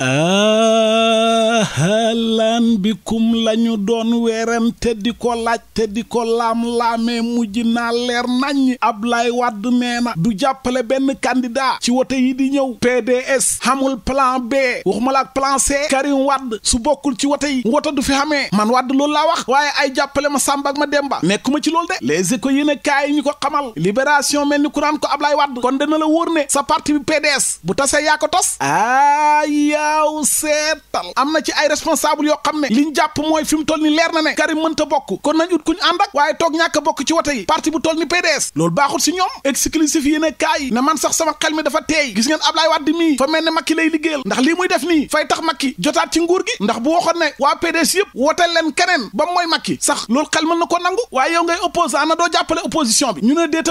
Uh-huh. borom bi kum lañu doon weerante di ko laaj te di ko laam-laamee mujj naa leer naññ Ablaye Wade nee na du jàppale benn candidat ci wote yi di ñëw PDS xamul plan B waxuma la ak plan C Karim Wade su bokkul ci wote yi wote du fi xamee man Wade loolu la wax waaye ay jàppale ma Samba ma Demba nekkuma ci loolu de Les Échos yéen ne kaay ñu ko xamal Libération mel ni ku naan ko Ablaye Wade kon dana la wóor ne sa parti bi PDS bu tasee yaa ko tas aa seetal am na ci ay responsable yoo xam ne li ñu jàpp mooy fi mu toll ni leer na ne Karim mënta bokk kon nañ ut kuñ waaye toog ñàkk bokk ci wote yi parti bu toll ni PDS loolu baaxul si ñoom exclusif yéen ne man sax sama xel mi dafa teey gis ngeen Ablaye Wade mii fa mel ne Macky lay liggéeyal ndax lii muy def nii fay tax Macky jotaat ci nguur gi ndax bu waxoon ne waa PDS yëpp woteel leen keneen ba mooy Macky sax loolu xel mën ko nangu waaye yow ngay opposant na doo jàppale bi ñu ne déete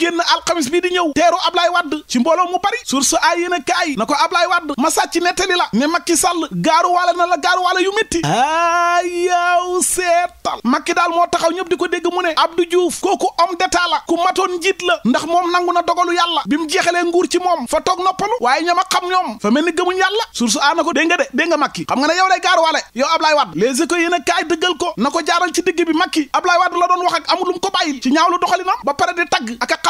génn alxamis bii di ñëw teeru Ablaye Wade ci mbooloo mu bari source a yéen a kaay na ko Ablaye Wade ma sàcc nettali la ne Macky Sall gaaruwaale na la gaaruwaale yu métti a yaw seetal Macky daal moo taxaw ñëpp di ko dégg mu ne Abdou Diouf kooku homme d'état la ku matoon njiit la ndax moom nangu na dogalu yàlla bi mu jeexalee nguur ci moom fa toog noppalu waaye ñama xam ñoom fa mel ni gëmuñ yàlla source a ko dégg nga de dégg nga Macky xam nga ne yow lay ko na ko jaaral ci digg bi Macky ko bàyyil ci ba pare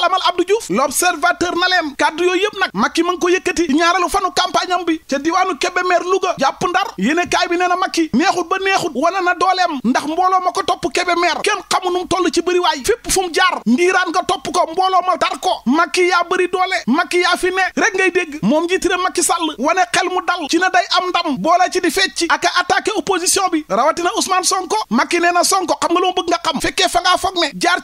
xalamal Abdou Diouf l'observateur na leem kàddu yooyu yëpp nag Macky ma ngi ko yëkkati ci ñaareelu fanu campagne am bi ca diwaanu Kébémer Louga jàpp ndar yéene kaay bi nee na Macky neexut ba neexut wana na dooleem ndax mbooloo ma ko topp Kébémer kenn xamu nu mu toll ci bëri waay fépp fu mu jaar ndiiraan nga topp ko mbooloo ma tar ko Macky yaa bëri doole Macky yaa fi ne rek ngay dégg moom njiitire Macky Sall wane xel mu dal ci na day am ndam boole ci di fecc ak a attaqué opposition bi rawatina Ousmane Sonko na Sonko xam nga lu mu bëgg nga xam fekkee fa ngaa foog ne jaar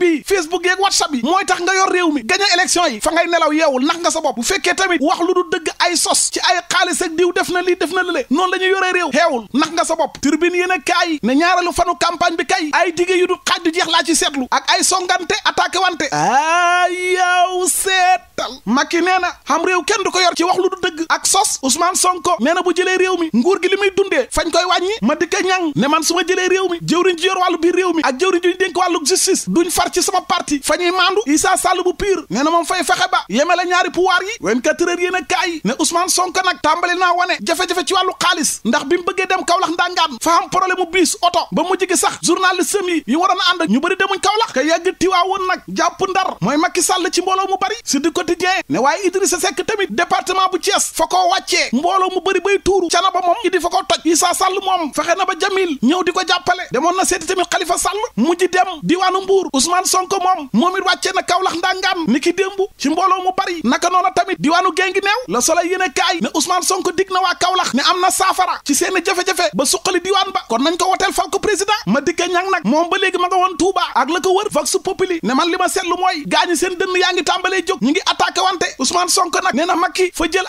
bi Facebook yeeg WhatsApp yi moy tax nga yor rew mi gañ élection yi fa ngay nelaw yew nak nga sa bop bu fekkee tamit wax lu du deug ay sos ci ay xaliss ak diw def na li def na lële non lañu yoré rew réew nak nga sa bop turbine yene kay ne ñaareelu fanu campagne bi kay ay dige yu du xaaj jeex la ci seetlu ak ay songante attaqué wante ay yow seetal maki nee xam rew kenn du ko yor ci wax lu du deug ak sos Ousmane Sonko nee bu jëlee rew mi nguur gi limay dundé fañ koy wañi ma dikka ñang ne man suma ma rew mi jëwriñ ci yor walu bi rew mi ak jëwriñ ji denk walu justice duñ far ci sama parti fa ñuy maandu Issa Sall bu pur nee na moom fay fexe ba yemele ñaari pouvoir yi 24 heures yéen a kaay ne Ousmane Sonko nag tàmbali naa wane jafe-jafe ci wàllu xaalis ndax bi mu bëggee dem Kaolack ndangaan fa am problème bu biis oto ba mujj gi sax journaliste yi yi waroon a ànd ñu bëri demuñ Kaolack ka yàgg tiwaawoon nag jàpp ndar mooy Macky Sall ci mbooloo mu bari si du quotidien ne waaye Idrissa Seck tamit département bu Thiès fa koo wàccee mbooloo mu bëri bay tuuru cana ba moom idi fa ko toj Issa Sall moom fexe na ba Jamil ñëw di ko jàppale demoon na seeti tamit Khalifa Sall ko moom moom it wàccee na Kaolack ndangaan ni ki démb ci mbooloo mu bari naka noona tamit diwaanu géngi neew la Soleil yéene kaay ne Ousmane Sonko dig na waa Kaolack ne am na saafara ci seeni jafe-jafe ba suqali diwaan ba kon nañ ko woteel fal ko président ma dikka ñang nag moom ba léegi ma nga woon Touba ak la ko wër vox populi ne man li ma seetlu mooy gaañi seen dënn yaa ngi tàmbalee jóg ñu ngi attaqué wante Ousmane Sonko nag nee na Macky fa jël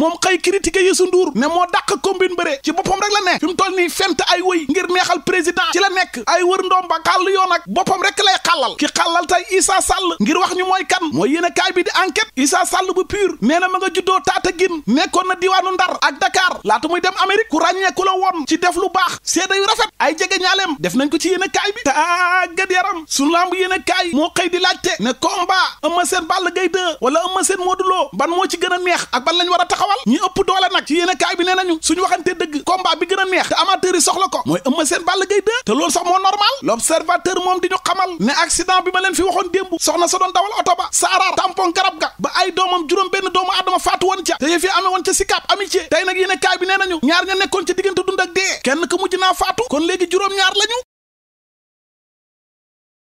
moom xëy critiqué Youssou Ndour ne moo dàq combine bëre ci boppam rek la ne fi mu toll nii fent ay woy ngir neexal président ci la nekk ay wër ndoom ba xàll yoon ak boppam rek lay xàllal ki xàllal tey Issa Sall ngir wax ñu mooy kan mooy yéen a kaay bi di enquête Issa Sall bu pur nee na ma nga juddoo taata gin nekkoon na diwaanu Ndar ak Dakar laata muy dem Amérique ku ràññee ku la woon ci def lu baax seede yu rafet ay jege ñaaleem def nañ ko ci yéen a kaay bi tàggat yaram sunu lamb yéen a kaay moo xëy di laajte ne combat Eumeu Sène Balla Gaye 2 wala Eumeu Sène Modou Lo ban moo ci gën a neex ak ban lañ war a taxaw taxawal ñi ëpp doole nag ci yéen kaay bi nee nañu suñu waxante dëgg combat bi gën a neex te amateur yi soxla ko mooy Eumeu Sène Balla Gaye 2 te loolu sax moo normal l'observateur moom di ñu xamal ne accident bi ma leen fi waxoon démb soxna sa doon dawal oto ba saaraar tampon garab ga ba ay doomam juróom benn doomu adama faatu woon ca te yëf yi amee ca Sicap Amitié tey nag yéen kaay bi ñaar ña nekkoon ca diggante dund ak dee kenn ka mujj naa faatu